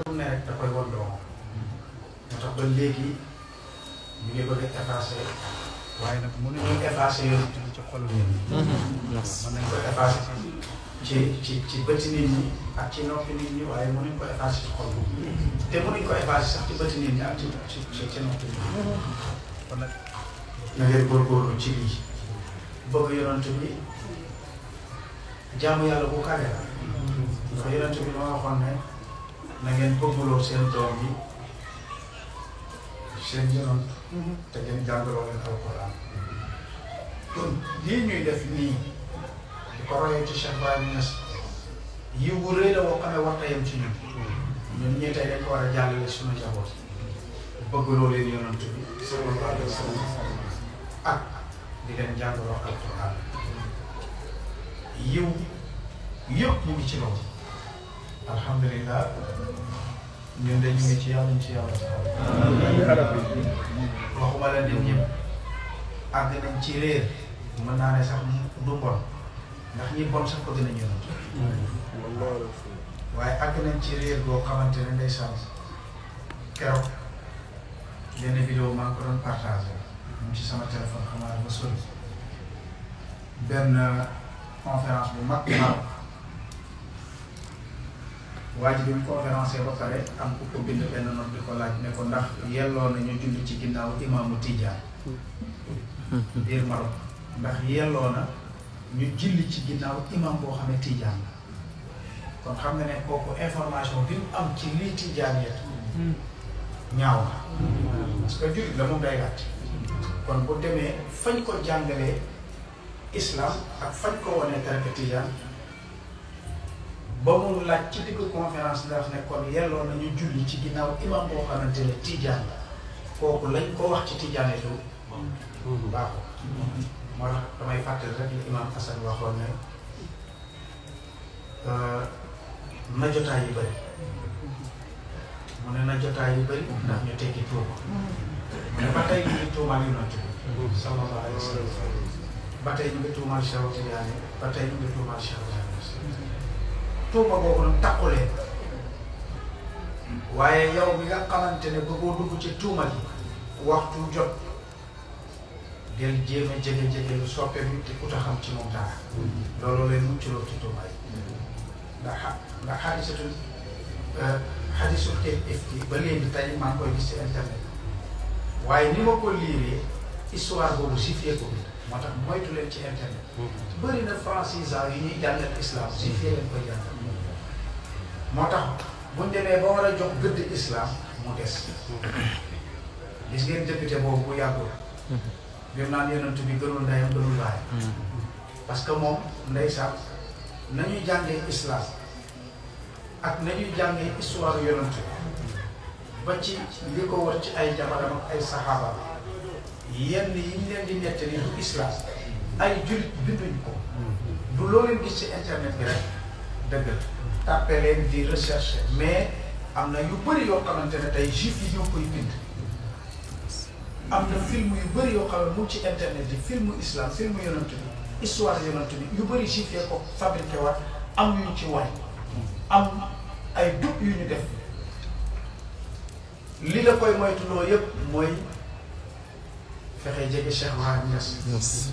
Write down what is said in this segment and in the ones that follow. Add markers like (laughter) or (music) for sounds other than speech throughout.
lu ne rek da koy wan doomu moo tax ngi bëgg a effacé waaye nag mënuñu effacé yoon ci xolu nit ñi mhm. mën ci ci ci bëti nit ñi ci noppi nit ñi waaye mënuñ ko effacé ci xol te mënuñ ko effacé ci bëti nit ñi ak ci ci ci noppi nit ñi kon nag na ngeen góorgóorlu ci lii bëgg yonent bi jaamu yàlla bu kare la ndax yonent bi ma waxoon ne na ngeen bëggloo seen doom yi seen yonant mm-hmm. te ngeen jàngaloo leen alquran kon lii ñuy def nii di ko royee ci Cheikh Baye Niass yiw bu rëy la boo xamee war yem ci ñun ñun ñii tey dañ ko war a jàllale suñu njaboot bëggloo leen yonant bi sallallahu alayhi wa sallam ak di leen jàngaloo alquran yiw yëpp mu ngi ci loolu alhamdulilah ñun de ñu ngi ci yàlla ñu ci yàlla saxal. waxuma la nit ñëpp àgg nañ ci réer mën naa ne sax du bon ndax ñi bon sax bëgg nañu la. waaye àgg nañ ci réer boo xamante ne ndeysaan keroog benn vidéo maa ngi ko doon partagé mu ci sama téléphone xamaa dafa sori benn conférence bu mag. waa ji bi mu conférence ba pare am ku ko bind benn ko laaj ne ko ndax yelloo nañu julli ci ginnaaw imaamu Tijaan biir Maroc ndax yelloo na ñu julli ci ginnaaw imaam boo xam ne Tijaan kon xam nga ne kooku information bi mu am ci lii Tijaan yet ñaaw na parce que jullit la moom day gàtt kon bu demee fañ ko jàngalee islam ak fañ ko wanee tarika Tijaan ba mu laaj ci diggu conférence daf ne kon yelloo nañu julli ci ginnaaw imam boo xamante ne tijaan la kooku lañ ko wax ci tijaan yi du baaxu moo tax damay fàttali rek li imam Hassan waxoon ne euh, na jotaay yu bëri mu ne na jotaay yu bëri ndax ñu tekki tuuma mu ne ba tey ñu ngi tuumaal yonent bi sallallahu alayhi wa sallam ba tey ñu ngi tuumaal Cheikh Tidiane ba tey ñu ngi tuumaal Cheikh tuuba boobu nag takkulee waaye yow bi nga xamante ne bëggoo dugg ci tuuma gi waxtu jot del jéem a jege jege lu soppe bi te ut a xam ci moom dara loolu lay muccloo ci tuuma yi ndax ndax xaadisatul euh, xaadisul TFT ba léegi tey maa ngi koy internet waaye ni ma ko liiree histoire boobu sifié ko bi moo tax moytu ci internet mm-hmm. bëri na francisant yi ñuy jàngal islam sifié leen koy jàngal moo tax buñ demee ba war a jox gëdd islam mu des gis ngeen député boobu bu yàggul bi mu naan yonent bi gënul ndeyam gënul baayam parce que moom ndeysaan nañuy jàngee islam ak nañuy jàngee histoire yonent ba ci li ko wër ci ay jabaram ay saxaaba yenn yi leen di nettali du islam ay jullit binduñ ko du loo leen gis ci internet bi rek dëgg la leen di recherche mais am na yu bëri yoo xamante ne tey juif yi ñoo koy bind am na film yu bëri yoo xam mu ci internet yi film islam film yonent bi histoire yonent bi yu bëri juif yee ko fabriqué waat am yu ñu ci waay am ay dub yu ñu def li la koy moytuloo yëpp mooy fexe jege Cheikh Mahi Niass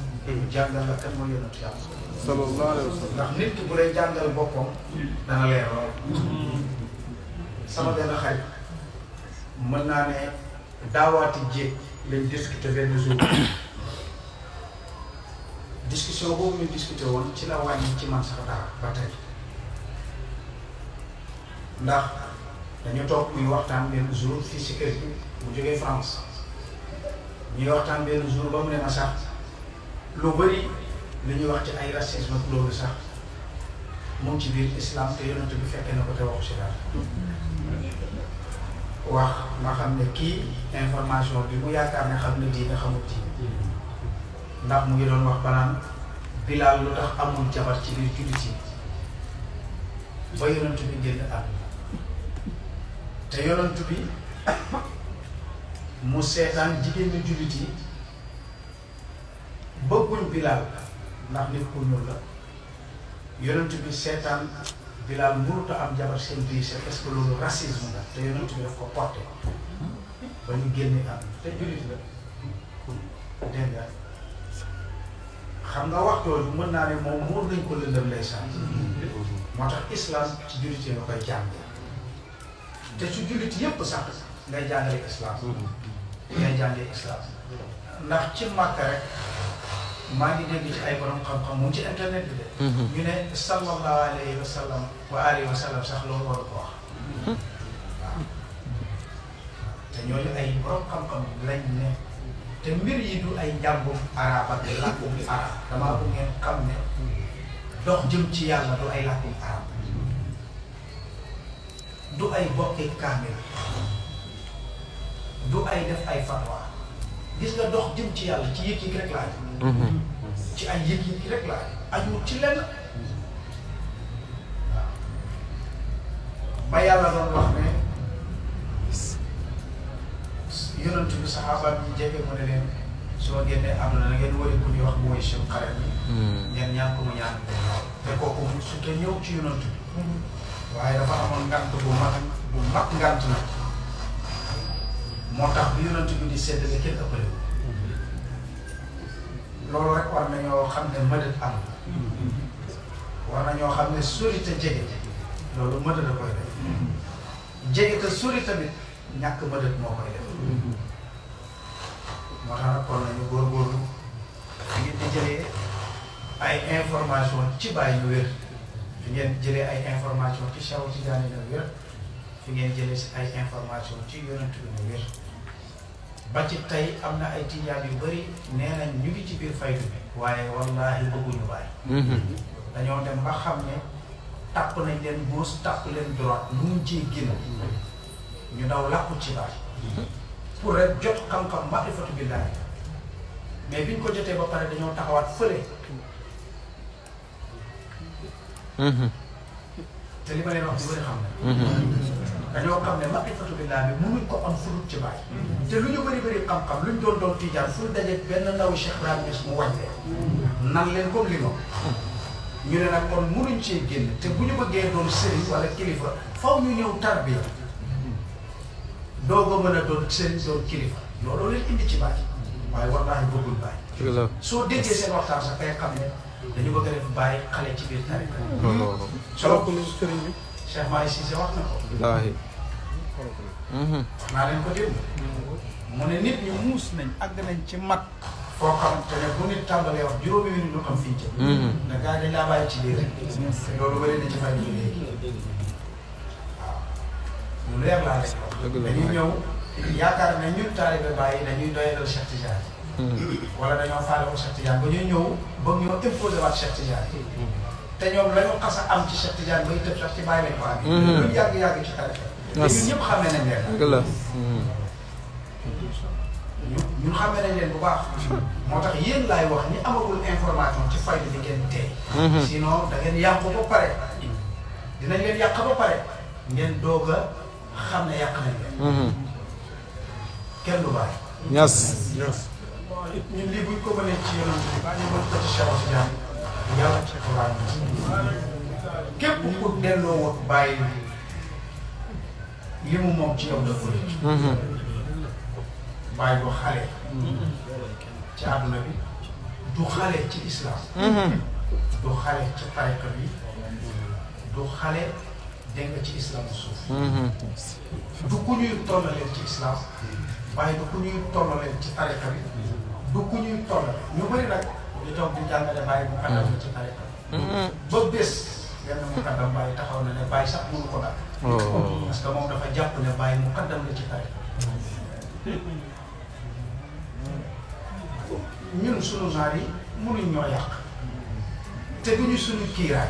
jàngal la kan mooy yonent yàlla. ndax nit ki bu lay jàngal boppam. dana leer lool. sama benn xarit mën naa ne daawaati jéeg lañ discuter discussion boobu ñu discuter ci la wàññi ci man sax dara ba ndax dañu toog muy waxtaan benn jour fii si kër jógee France ñuy waxtaan benn jour ba ne ma sax. lu bëri lu ñuy wax ci ay racisme loolu sax mu ngi ci biir islam te yonent bi fekkee na ko te waxu si dara wax ma xam ne kii information bi mu yaakaar ne xam ne diine xamul diine ndax mu ngi doon wax banaan bilaal lu tax amul jabar ci biir jullit yi ba yonent bi génn àdduna te yonent bi mu seetaan jigéenu jullit yi bëgguñ bilaal ndax nit ku ñuul la yonent bi seetaan bilaal mënut a am jabar seen biir c'est parce que loolu racisme la te yonent bi daf ko porté ba ñu génne am te jullit la dégg nga xam nga waxtu mën naa ne moom muur nañ ko lëndëm lay sant moo tax islam ci jullit yi nga koy jàng te ci jullit yépp sax ngay jàngale islam ngay jàngale islam ndax ci Makka rek maa ngi dégg ci ay borom xam-xam mu ngi ci internet bi de. Mhm. ñu ne sallallahu alayhi wa sallam wa sax loolu waru ko wax. waaw ay borom xam-xam lañ ne te mbir du ay njàngum arab ak làkkum arab damaa bu ngeen xam ne dox jëm ci yàlla du ay làkkum arab du ay bokki kaamil du ay def ay fatwa. gis nga dox jëm ci yàlla ci yëg yi rek laa ne mhm. ci ay yëg yi rek laa ne ajul ci lenn waaw ba yàlla doon wax ne yonent bi saxaabaat ñi jege mu ne leen su ma am na ngeen wari ku ñuy wax mooy seen xarit yi mhm. ngeen ñaan ko mu ñaan te kooku mu su te ñëw ci yonent bi mhm. waaye dafa amoon ngant bu mag bu mag ngant na moo tax bi yonent bi di seddale kenn ëppale loolu rek war nañoo xam ne mëdët am war nañoo xam ne sori te jege loolu mëdët a koy def jege te sori tamit ñàkk mëdët moo koy def moo tax nag kon nañu góorgóorlu ngeen di jëlee ay information ci bàyyi ñu wér ngeen jëlee ay information ci ñu wér fi ngeen jëlee si ay information ci yonent bi mu wér ba ci tey am na ay tijaan yu bëri nee nañ ñu ngi ci biir faydu bi waaye wallaahi bëgguñu bàyyi mhm. dañoo dem ba xam ne tàpp nañ leen gauche tàpp leen droite lu mu ciy génn ñu daw làqu ci baay pour rek jot xam-xam maarifatu billaahi mais biñ ko jotee ba pare dañoo taxawaat fële mhm. te li ma leen wax du bëri xam na mhm. dañoo xam ne maarifatu billaah bi mënuñ ko am furut ci bàyyi. te lu ñu bëri bëri xam-xam luñ doon doon tijaan fu daje benn ndaw Cheikh Ibrahima Niass mu wàññee. nan leen comme li ma ñu ne nag kon mënuñ cee génn te bu ñu bëggee doon sëriñ wala kilifa faw ñu ñëw tarbiya doog a mën a doon sëriñ doon kilifa looloo leen indi ci bàyyi. waaye wallaahi bëggul bàyyi. soo déggee seen waxtaan sax day xam ne dañu bëgg a def bàyyi xale ci biir tarika. looloo looloo soo Cheikh Mahi si wax na ko. wallaahi. wax mhm. naa leen ko démb. mu ne nit ñu muus nañ ak nañ ci mag. foo xamante ne bu nit tàmbalee wax juróomi minute lu xam fii ca. Mhm. ne gars dañ laa bàyyi ci lii rek. loolu bëri na ci fay bi léegi. waaw mu leer laa rek. dëgg dañuy ñëw yaakaar ne ñun taalibe bàyyi dañuy doyalal Cheikh Tidiane. Mhm. wala dañoo faale ko Cheikh Tidiane ba ñuy ñëw ba ñoo imposé waat Cheikh Tidiane. te ñoom la ñu xas a am ci Cheikh Tidiane bay tëb sax ci bàyyi lañ ko amee. Mhm. luñ yàgg yàgg ci xarit la. te ñun ñëpp xamee nañ leen. dëgg la. ñun ñun xamee nañ leen bu baax. moo tax yéen laay wax ñi amagul information ci fayda bi ngeen tey. Mhm. sinon da ngeen yàq ba pare. dinañ leen yàq ba pare. ngeen doog a xam ne yàq nañ leen. Mhm. kenn du bàyyi. ñas ñas. ñun lii buñ ko mënee ci yoonam bi baa ñu mën ko ci Cheikh Tidiane. yàlla Cheikh Ibrahima képp ku ko delloo li mu moom ci yow dafa rëcc. Mhm. bàyyi ko xale. ci àdduna bi du xale ci islam. Mhm. du xale ci tariqa bi du xale dégg ci islam suuf. Mhm. du ku ñuy tollaleen ci islam. waaye du ku ñuy tollaleen ci tariqa bi. du ku ñuy tollaleen ñu bëri di toog di jàngale bàyyi mu kaddam mm. la ci tariqa ba bés benn mu kaddam bàyyi taxaw na ne bàyyi sax mënu ko dàq oh. parce que moom dafa jàpp ne bàyyi mu kaddam ci tariqa ñun sunu genre yi mënuñ ñoo yàq te duñu suñu kiiraay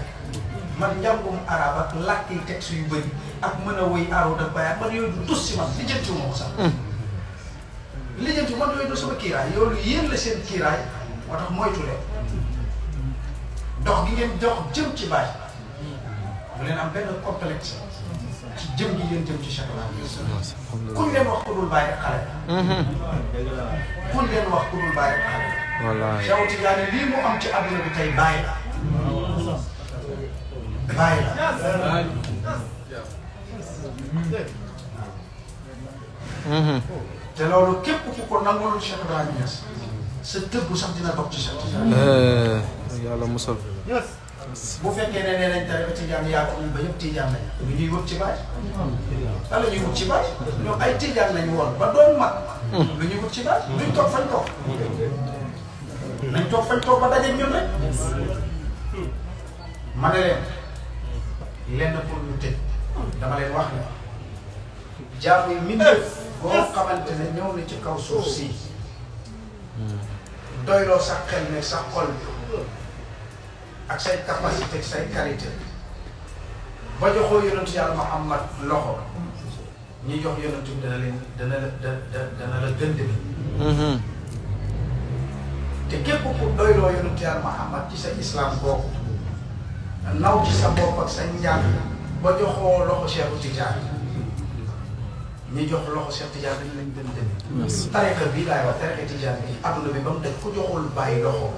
man njàngum arab ak làkk yi yu bëri ak mën a woy aarut ak bayaat man yooyu du tus si man lijjantiwuma ko sax mm. lijjantiwuma man yooyu du sama kiiraay yow yéen la seen kiiraay moo tax moytu leen dox gi ngeen dox jëm ci bàyyi bu am benn complexe ci jëm gi ngeen jëm ci Cheikh Ibrahima kuñ leen wax ku dul bàyyi rek xale la kuñ leen wax ku dul bàyyi rek xale la wallaahi Cheikh Tidiane lii mu am ci àdduna bi tey bàyyi la bàyyi la mm-hmm. te loolu képp ku ko nangulul Cheikh Ibrahima Niass sa tëbb sax dina bokk ci sa yàlla musal. bu fekkee ne nee nañ tariqa tijaan yaa ko ba ñëpp tijaan lañ. bu ñuy wut ci baaj. lan la ñuy wut ci baaj. ñoom ay tijaan lañ woon ba doon mag. lu ñuy wut ci baaj. luñ toog fañ toog. nañ toog fañ toog ba daje ñun rek. ma ne leen lenn pour ñu tëj dama leen wax ne jaamu yi mbindeef boo xamante ne ñëw na ci kaw suuf si. doyloo sa xel meeg sax xol ak say capacité say qualité ba joxoo yonentu Muhammad loxo ñi jox yonentu bi dana leen dana la dana la gënd bi mm-hmm. te képp ku doyloo yonentu Muhammad ci sa islam boobu naw ci sa bopp ak sa njàng ba joxoo loxo Cheikhu Tidiane ñu jox loxo Cheikh Tidiane dañu lañ gën demee. merci laay wax tariqa Tidiane bi àdduna bi ba mu daj ku joxul bàyyi loxo.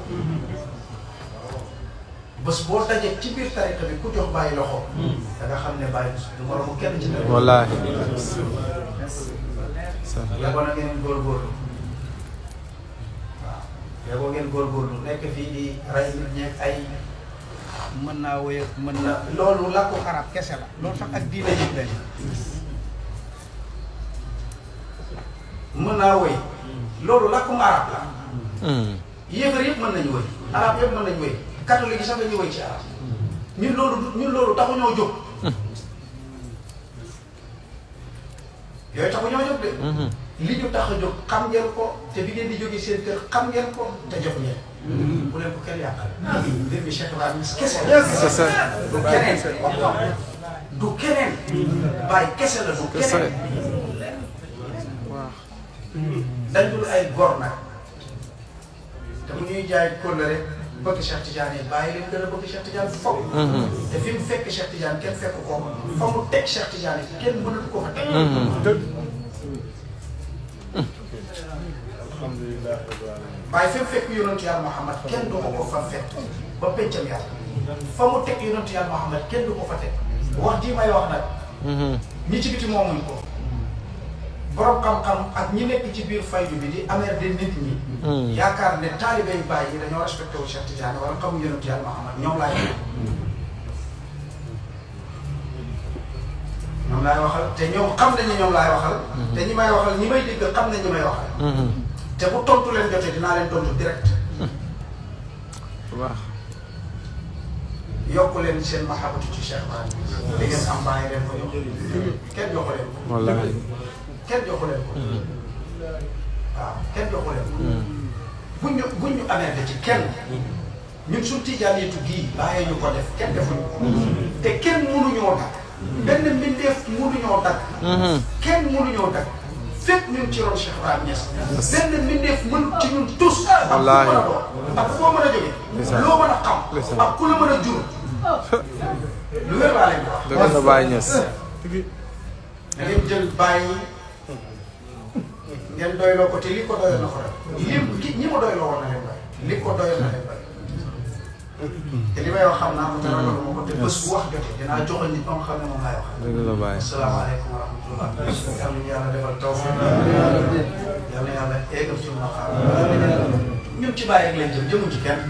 bés boo dajee ci biir tariqa bi ku jox bàyyi loxo. da xam ne bàyyi du moromu kenn ci tariqa. wallaahi. yaboo na ngeen góorgóorlu. waaw yaboo ngeen góorgóorlu nekk fii di rey nit ñeeg ay. mën naa woy mën na loolu làkku arab kese la. loolu tax ak diine ji dañ. mën naa woy loolu làkkum arab la hmm. yéefar yëpp mën nañu woy arab yëpp mën nañu woy catholique yi sax dañuy woy ci arab ñun loolu ñun loolu taxu ñoo jóg hmm. yooyu taxu ñoo jóg de hmm. li ñu tax a jóg xam ngeen ko te bi ngeen di jógee seen kër xam ngeen ko te jox ngeen bu leen ko kenn yàqal mbir bi Cheikh Ibrahima kese du keneen du keneen bàyyi kese la du keneen dañ dul ay gor nag te mu ñuy jaay kóllëre bëgg Cheikh Tidiane yi bàyyi gën a bëgg Cheikh Tidiane faw mhm. te fi mu fekk Cheikh Tidiane kenn fekk ko fa mu teg Cheikh Tidiane yi kenn mënatu ko fa teg mhm. alhamdulilah waaye fi mu fekk yonentu Muhammad kenn du ko ko fa fekk ba pencam yàlla fa mu teg yonentu yàlla Muhammad kenn du ko fa teg wax ji may wax nag mhm. ñi ci biti moomuñ ko boro xam-xam ak ñi nekk ci biir faydu bi di hmm. yaakaar ne taalibe yu bàyyi yi dañoo respecté wu Cheikh Tidiane wala xamu yonent Yàlla Muhammad ñoom laay waxal. Hmm. ñoom laay waxal te ñoom xam nañ ne ñoom laay waxal. Hmm. te ñi may waxal ñi may dégg xam nañ ñi may waxal. te bu tontu leen jotee dinaa leen tontu direct. waaw. yokk leen seen mahabatu ci Cheikh Ibrahim. di ngeen am bàyyi leen ko yokk. kenn yokk leen kenn joxu leen ko. Mm-hmm. waaw kenn joxu leen ko. Mm-hmm. buñ ñu buñ ñu amee ci kenn. Mm-hmm. ñun suñ tijaanitu gii bàyyee ñu ko def kenn defuñu ko. te kenn mënuñoo dakk. benn mbindeef mënuñoo dakk. kenn mënuñoo dakk. fépp ci ron Cheikh Ibrahima Niass. benn mbindeef mënut ci ñun tous. ak a doon ak foo mën a jógee. loo mën a xam. ak ku la a jur. (laughs) lu wér laa leen wax. dëgg la Baye Niass. ngeen doyloo ko te li ko doyal na ko def. lim ki ñi ma doyloo woon na leen doy. li ko doyal na leen doy. te li may wax xam naa ko te ragaluma ko te bés bu wax jotee dinaa joxoon nit ba mu xam ne moom laay wax. dëgg la baay asalaamaaleykum wa rahmatulah. yàlla na yàlla defal tawfiq. yàlla na yàlla eggal ci maqaam. ñun ci bàyyi rek lañ jëm jëmuñ ci kenn.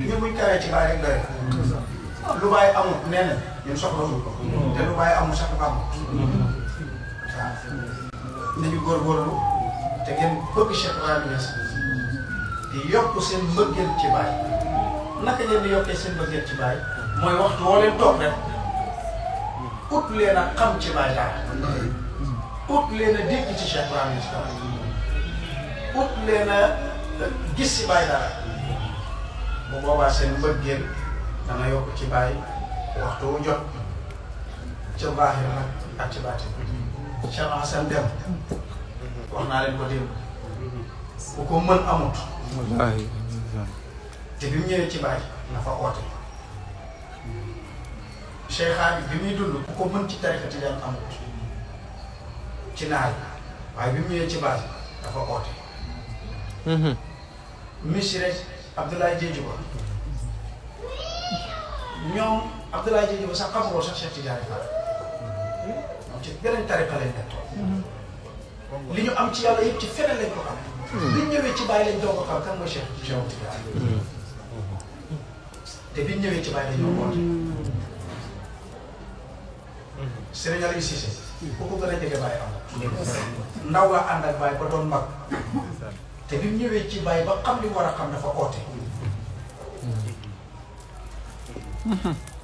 ñun buñ tawee ci bàyyi rek doy na. lu bàyyi amul nee na ñun soxla ko. te lu bàyyi amul sax amul. nañu góorgóorlu te ngeen bëgg Cheikh Ibrahima Niass di yokk seen mbëggeel ci baay di yokkee seen mbëggeel ci baay mooy waxtu woo leen toog rek ut leen a xam ci baay dara ut leen a dégg ci Cheikh Ibrahima Niass dara ut leen euh, ci baay dara bu boobaa seen mbëggeel dana yokk ci baay waxtu wu jot ca baaxir nag ak ci baatin Cheikh Hassane dem wax naa leen ko démb bu ko amut te mu ñëwee ci na fa oote Cheikh Haadi bi muy dund bu ko mën ci tariqa tijaan amut ci naaj waaye bi mu ñëwee ci bàyyi dafa oote mhm. misire Abdoulaye Diédhiou ba ñoom Abdoulaye Diédhiou ba sax xamuloo sax Cheikh Tidiane Fall ci beneen tariqa lañ nekkoon. li ñu am ci yàlla yëpp ci feneen lañ ko am. Hmm. biñ ñëwee ci bàyyi lañ doog a xam kan mooy Cheikh Cheikh Tidiane. Hmm. te biñ ñëwee ci bàyyi lañ doog hmm. yi Cissé. ku ko gën a jege te bi mu ñëwee ci bàyyi ba xam li war a xam dafa oote.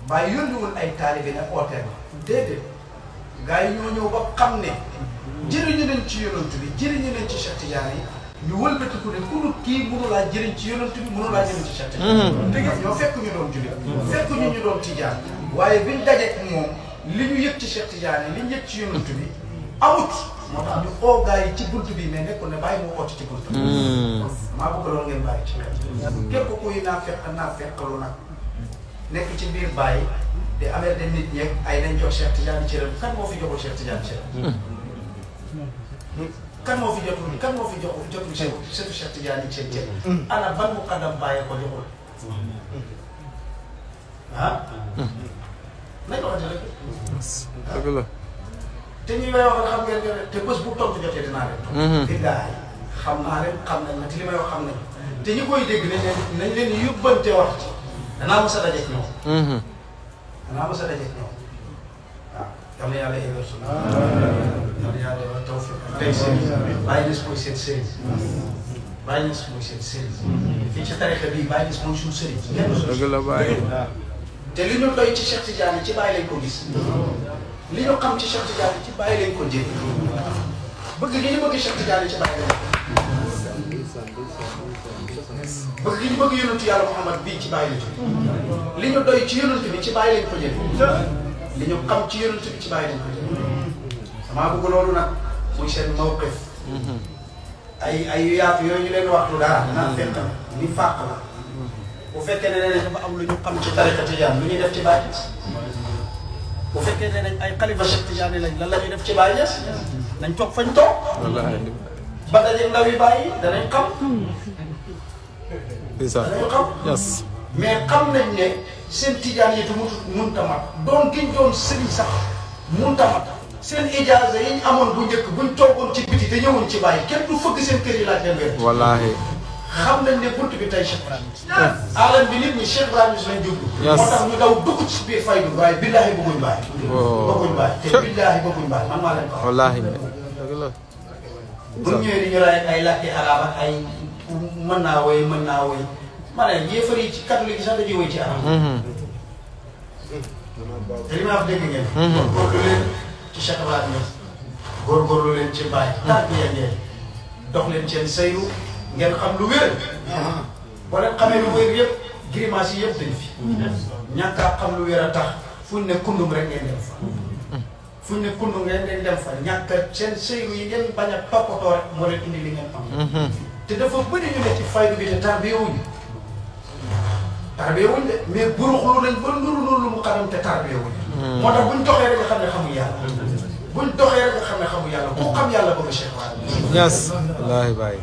bàyyi yónni wul ay taalibe ne oote na déedéet. gaa yi ñoo ñëw ba xam ne jëriñu leen ci yonent bi jëriñu leen ci Cheikh yi ñu wëlbatiku ne ku dul kii mënu laa jëriñ ci yonent bi mënu laa jëriñ ci Cheikh Tidiane mhm. te gis ñu doon jullit fekk ñu ñu doon Tidiane waaye biñ daje moom li ñu yëg ci li ñu ci yonent bi amut moo tax ñu oo yi ci bunt bi mais nekkul ne bàyyi moo oote ci bunt bi mhm. maa bëgg loolu ngeen bàyyi ci mhm. képp kuy naa fekk naa fekk lu nekk ci biir bàyyi di amee de nit ñeeg ay nañ jox Cheikh Tidiane cëram kan moo fi joxul Cheikh Tidiane cëram. kan moo fi jotul kan moo fi joxul jotul cër surtout Cheikh Tidiane cër cër. Hmm. ana ban muqaddam bàyyee ko joxul. Hmm. ah. Hmm. nañ ko waxee rek. Ah? dëgg la. te ñi may wax xam ngeen ne te bés bu tontu jotee dinaa leen. di daay xam naa leen xam nañ te li may wax xam nañ te ñi koy dégg nañ leen nañ leen yóbbante wax ci danaa mos a daje ak ñoom. أنا Tanrı'ya ile não Tanrı'ya ile tevfik eylesin. Bayrız bu işetsiniz. Bayrız bu işetsiniz. Hiç tarihte bir bayrız konuşulsunuz. Dagala bay. te li ñu doy ci Cheikh Tidiane ci bàyyi lañ ko gis não ñu xam ci Cheikh Tidiane ci bàyyi isso ko jël bëgg li ñu bëgg Cheikh Tidiane ci bàyyi lañ ko bëgg li ñu bëgg yonentu yàlla Muhammad bii ci bàyyi la jóge li ñu doy ci yonent bi ci bàyyi lañ ko jëlee li ñu xam ci yonent bi ci bàyyi lañ ko jëlee damaa bëgg loolu nag muy seen mawqif ay ay yaatu yooyu ñu leen waxtu dara naan fekk la ni fàq la bu fekkee ne ne dafa am lu ñu xam ci tariqa tijaan lu ñuy def ci bàyyi bu fekkee ne nañ ay xalifa Cheikh Tidiane lañ lan la ñuy def ci bàyyi nañ toog fañ toog ba daje ndaw yi bàyyi danañ xam ndeysaan dañu xam. yes. mais xam nañ ne seen tijaan yi te mu mënut a mat doon giñ doon sax mënut a seen ijaaza yi amoon bu njëkk buñ toogoon ci biti te ci bàyyi kenn du fëgg seen kër yi laaj leen wér. wallaahi. xam nañ ne bunt bi tey Cheikh Ibrahima. alam bi nit ñi Cheikh Ibrahima lañ jublu. moo tax ñu daw dugg ci biir faydu waaye billaahi bëgguñ bàyyi. Oh. bëgguñ bàyyi te billaahi bëgguñ bàyyi man la. bu ñëwee di ñu laaj ay laajte arab ay. menawe menawe mana mën naa ci catholique yi ci arab ngeen ci Cheikh ci ngeen dox ngeen xam lu wér boo leen xamee lu wér yëpp grimace yi dañ fi ñàkk xam lu wér tax fu ne kundum rek ngeen dem fu ne kundum ngeen dem fa yi ngeen rek indi li ngeen te dafa bëri ñu ne ci faydu bi te tarbiyewuñu tarbiyewuñu de mais buruxlu lañ ba nuru nuru lu mu xaram te tarbiyewuñu hmm. moo tax buñ doxee rek nga xam ne xamul yàlla buñ doxee rek nga xam ne xamul yàlla ku hmm. xam yàlla bëgg Cheikh Ibrahim Niass wallaahi Baye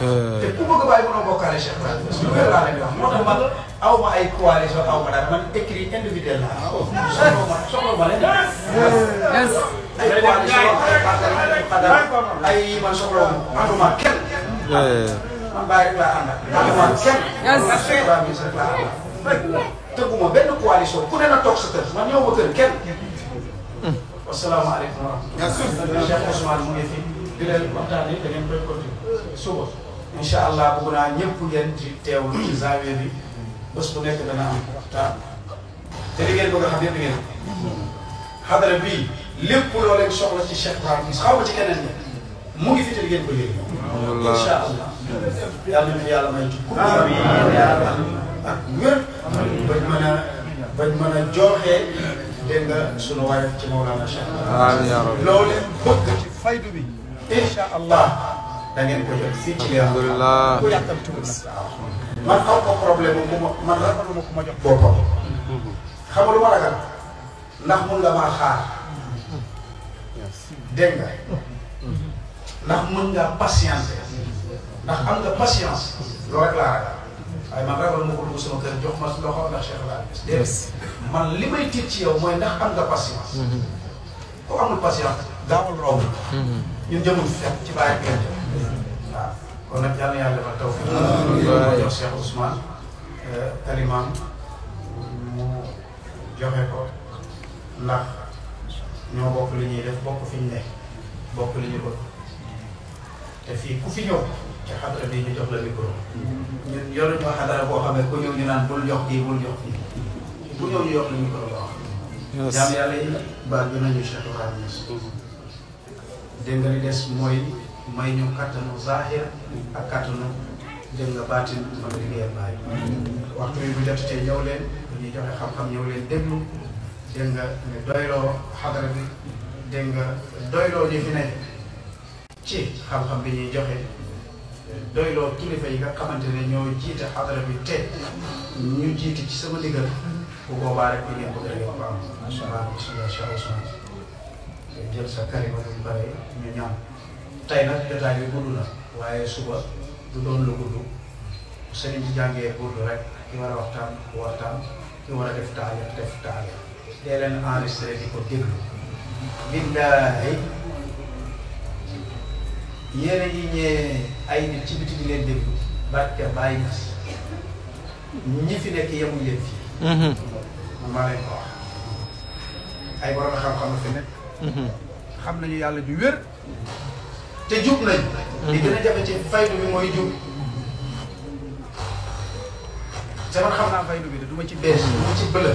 euh. te ku bëgg a bàyyi mënoo bokkaale Cheikh Ibrahim lu wér laa leen wax moo tax man aw ma ay coalition aw ma dara man écrit individuel laa ah, oh. soxla ma soxla ma leen ay coalition ay partenariat ay ay yi man soxla woon ànduma kenn. man bàyyi rek laa ànd ak. ànduma kenn. tëgguma ku ne na toog sa kër ma kër kenn. asalaamaaleykum wa rahmatulah. Cheikh mu ngi fi di leen waxtaanee da ngeen koy continuer suba. incha allah bëgg naa ñëpp ngeen di teewul ci zaawiya bi bés bu nekk dana am waxtaan. te li ngeen xam yëpp ngeen. xadara bii. lépp loo leen soxla ci Cheikh Ibrahima xaw ma ci keneen ñi mu ngi fi te di ngeen ko yëg. incha allah yàlla na yàlla may ci kub. yàlla ak wér. bañ mën a bañ mën a jooxee dégg nga sunu waay ci Mawlana Cheikh. amiin yaa rabbi loo leen bëgg ci faydu bi. incha allah da ngeen ko jot fii ci leer. alhamdulilah ku yàqal tuuti nag. man aw ko problème mu ma man ragaluma ku ma jox boppam. xam nga lu ma ragal ndax mun nga maa xaar. dégg nga ndax mën ngaa patience ndax am nga patience loolu rek laa ragal waaye man ragal ma ko dugg sama kër jox ma loxo ndax Cheikh Ibrahima Niass déedéet man li may tiit ci yow mooy ndax am nga patience ku amul patience gaawal romb ñun jëmul fekk ci bàyyi ngeen jëm waaw kon nag yal na yàlla defal taw fi loolu jox Cheikh Ousmane alimam euh, mu joxe ko ndax ñoo bokk li ñuy def bokk fi ñu ne bokk li ñu bëgg te fii ku fi ñëw ci xadara bi ñu jox la micro ñun yoruñu ma xadara boo xam ne ku ñëw ñu naan bul jox kii bul jox kii bu ñëw ñu jox la micro nga wax jaam yàlla yi ba ñu nañu Cheikh Ibrahima Niass dégg nga li des mooy may ñu kattanu zahir ak kattanu dégg nga baatin man liggéeyal baay waxtu bi bu jot tey ñëw leen ñuy joxe xam-xam ñëw leen déglu dégg nga ñu doyloo xadara bi dégg nga doyloo ci xam bi joxe doyloo kilifa yi nga xamante ne ñoo jiite xadara bi te ñu ci sama ndigal bu boobaa sa karima bu pare ñu bi gudd na waaye suba du doon lu gudd sëriñ bi jàngee gudd rek ki war a waxtaan waxtaan ki war a def taale def taale dee leen enregistré di ko déglu billaahi yéene yi ñee ay nit ci biti di leen déglu barke bàyyi na ñi fi nekk yemuñ leen fii mhm. man maa leen ko wax xam-xam fi nekk mhm. xam nañu yàlla ju wér te jub nañ mhm. li gën a jafe ci faydu bi mooy jub te man xam naa faydu bi de du ma ci bees du ma ci bëlë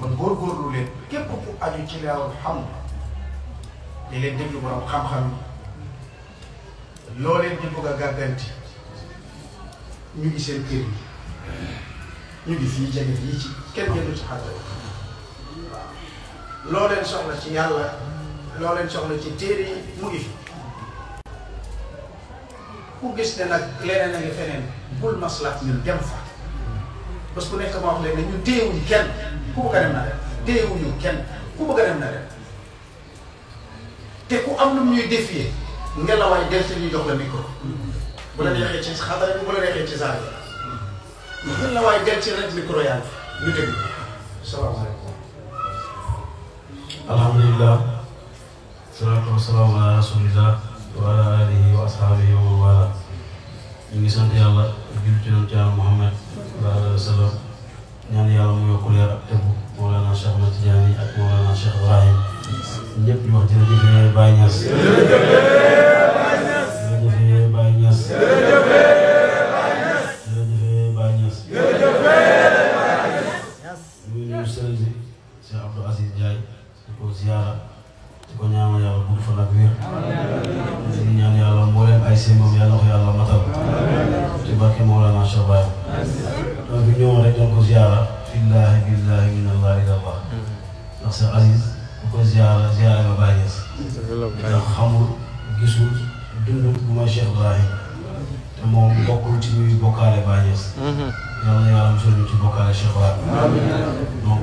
kon góorgóorlu leen képp ku aju ci leerul xam di leen déglu borom xam-xam yi loo leen di bëgg a gàgganti ñu ngi seen kër yi ñu ngi fii jege fii ci kenn gënu ci xarit waaw loo leen soxla ci yàlla loo soxla ci téere yi mu ngi fi ku gis ne nag leneen a ngi feneen bul maslaat ñun dem fa parce ku nekk ma wax leen ne ñu téewuñ kenn. ku bëgg a dem na dem téyewuñu kenn ku bëgg a dem na dem te ku am lu mu ñuy défier ngelawaay del si ñu jox la micro. bu la neexee ci xadara bi bu la neexee ci saal bi. ngelawaay del si rek micro yaa ngi ñu dégg. salaamaaleykum. alhamdulilah. salaatu wa salaam ala rasulillah wa ala alihi wa ashabihi wa wala ñu ngi sant yàlla jul ci noonu Muhammad wa ala sallam ñaan yàlla mu yokk leer ak tegu Mawlana Cheikh Ahmed Tidiane ak Mawlana Cheikh Ibrahim ñëpp ñu wax jërëjëf yéen Baye Niass. jërëjëf yéen Baye Niass. jërëjëf yéen Baye Niass. jërëjëf Baye Niass. sëriñ bi Cheikh Abdou Aziz Ndiaye di ko ziara di ko ñaanal yàlla gudd fan ak wér. di ñaan yàlla mbooleem ay sëñ moom yàlla ko yàlla matal. ci barke Mawlana Cheikh Ibrahim ak sa Aziz bu ko ziara ziara ma bàyyi ndax xamul gisul dund bu ma Cheikh Ibrahim te moom bokkul ci ñuy bokkaale Baye Niass. yàlla na yàlla musal ñu ci bokkaale Cheikh Ibrahim. donc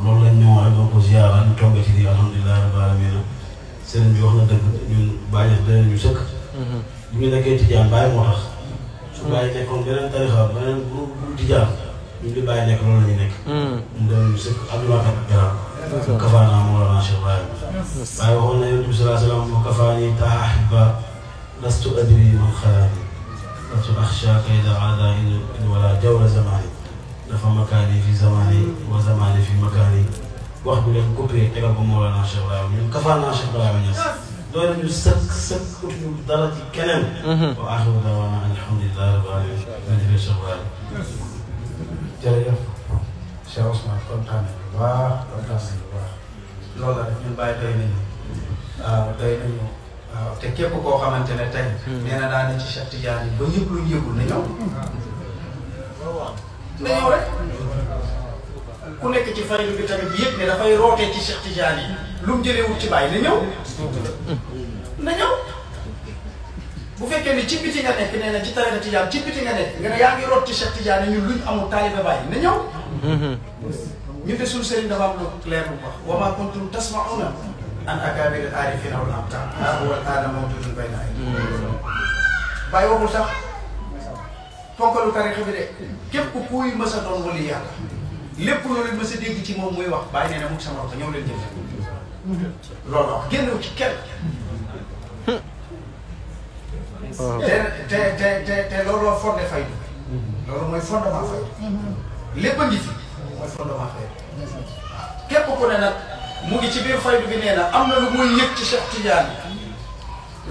loolu lañ ñëwoon rek donc ziara ñu toog ci lii alhamdulilah rabbil alamin sëriñ bi wax na dëgg ñun Baye Niass danañ ñu sëkk. bu ñu nekkee tijaan Baye moo tax. su Baye nekkoon beneen tarixa beneen bu tijaan ñun li Baye nekk loolu la ñu nekk. mu doon ñu sëkk am na waa كفانا مولانا شيخ ابراهيم ما يقولنا يقول صلى الله عليه وسلم وكفاني تاع احبه لست ادري من خلاني لست اخشاك اذا عاد ان ولا جور زماني نفى مكاني في زماني وزماني في مكاني wax bi leen coupé tegal ko Mawlana Cheikh Ibrahima ñun kafaan naa Cheikh Ibrahima Niass doole ñu sëkk sëkk ñu dara ci keneen wa axiru dawaana alhamdulilah rabbil alamin jërëjëf Cheikh Ousmane kontaan nañu bu baax kontaan nañu bu baax loolu la rek doy nañu waaw te képp koo xamante ne tey. Hmm. nee na daal di ci Cheikh Tidiane yi ba ñëpp lu ñu yëgul na ñëw. na ñëw rek ku nekk ci faydu bi tamit yëg ne dafay rootee ci Cheikh Tidiane yi ni mu jëlee ci bàyyi na ñëw. na ñëw bu fekkee ne ci biti nga nekk nee ci tarixa Tidiane ci biti nga nekk nga ne yaa root ci Cheikh Tidiane ñun luñ amul taalibe bàyyi na ñëw. ñun de suñu sëriñ dafa am lu clair bu wax wa maa kuntum tasmauna an akaabir aarifin aw amtaan haa huwa al-aana mawjuudun bayna bàyyi waxul sax ponkalu tarixa bi de képp kuy mës a doon wali yàlla lépp loolu mës a dégg ci moom muy wax bàyyi nee na mu ngi sama wax ñëw leen jëf loolu wax génnew ci kenn te te te te loolu fondé fay loolu mooy fondement fay lépp a ngi fi mooy képp ko ne nag mu ngi ci biir faydu bi nee na am na lu muy yëg ci Cheikh Tidiane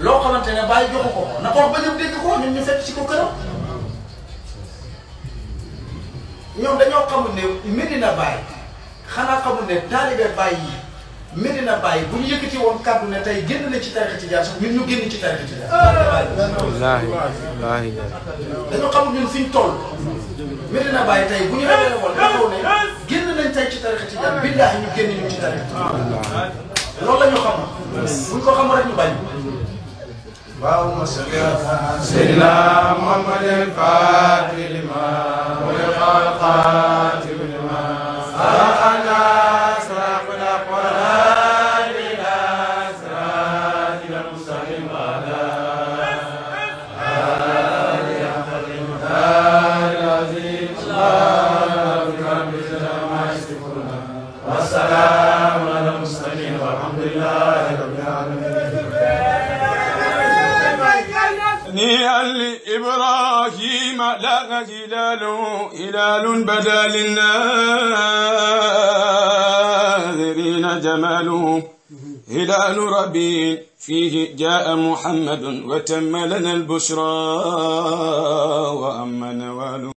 loo xamante ne bàyyi joxu ko na ko wax ba ñëpp dégg ko ñun ñu fekk ci ko këram ñoom dañoo xamul ne Medina Baye xanaa xamul ne taalibe Baye yi Medina Baye bu ñu yëkkati woon kàddu ne tey génn na ci tarixa ci jaar sax ñun ñu génn ci tarixa ci jaar. wallaahi wallaahi. dañoo xamul ñun fi ñu toll. Medina Baye tey bu ñu demee woon dañoo ne génn nañ tey ci tarixa ci jaar billaahi ñu génn ñu ci tarixa ci jaar. loolu la ñu xam. buñ ko xam rek ñu bañ. اللهم صل على سيدنا محمد الفاتح بدا للناذرين جماله هلال ربي فيه جاء محمد وتم لنا البشرى وأما نواله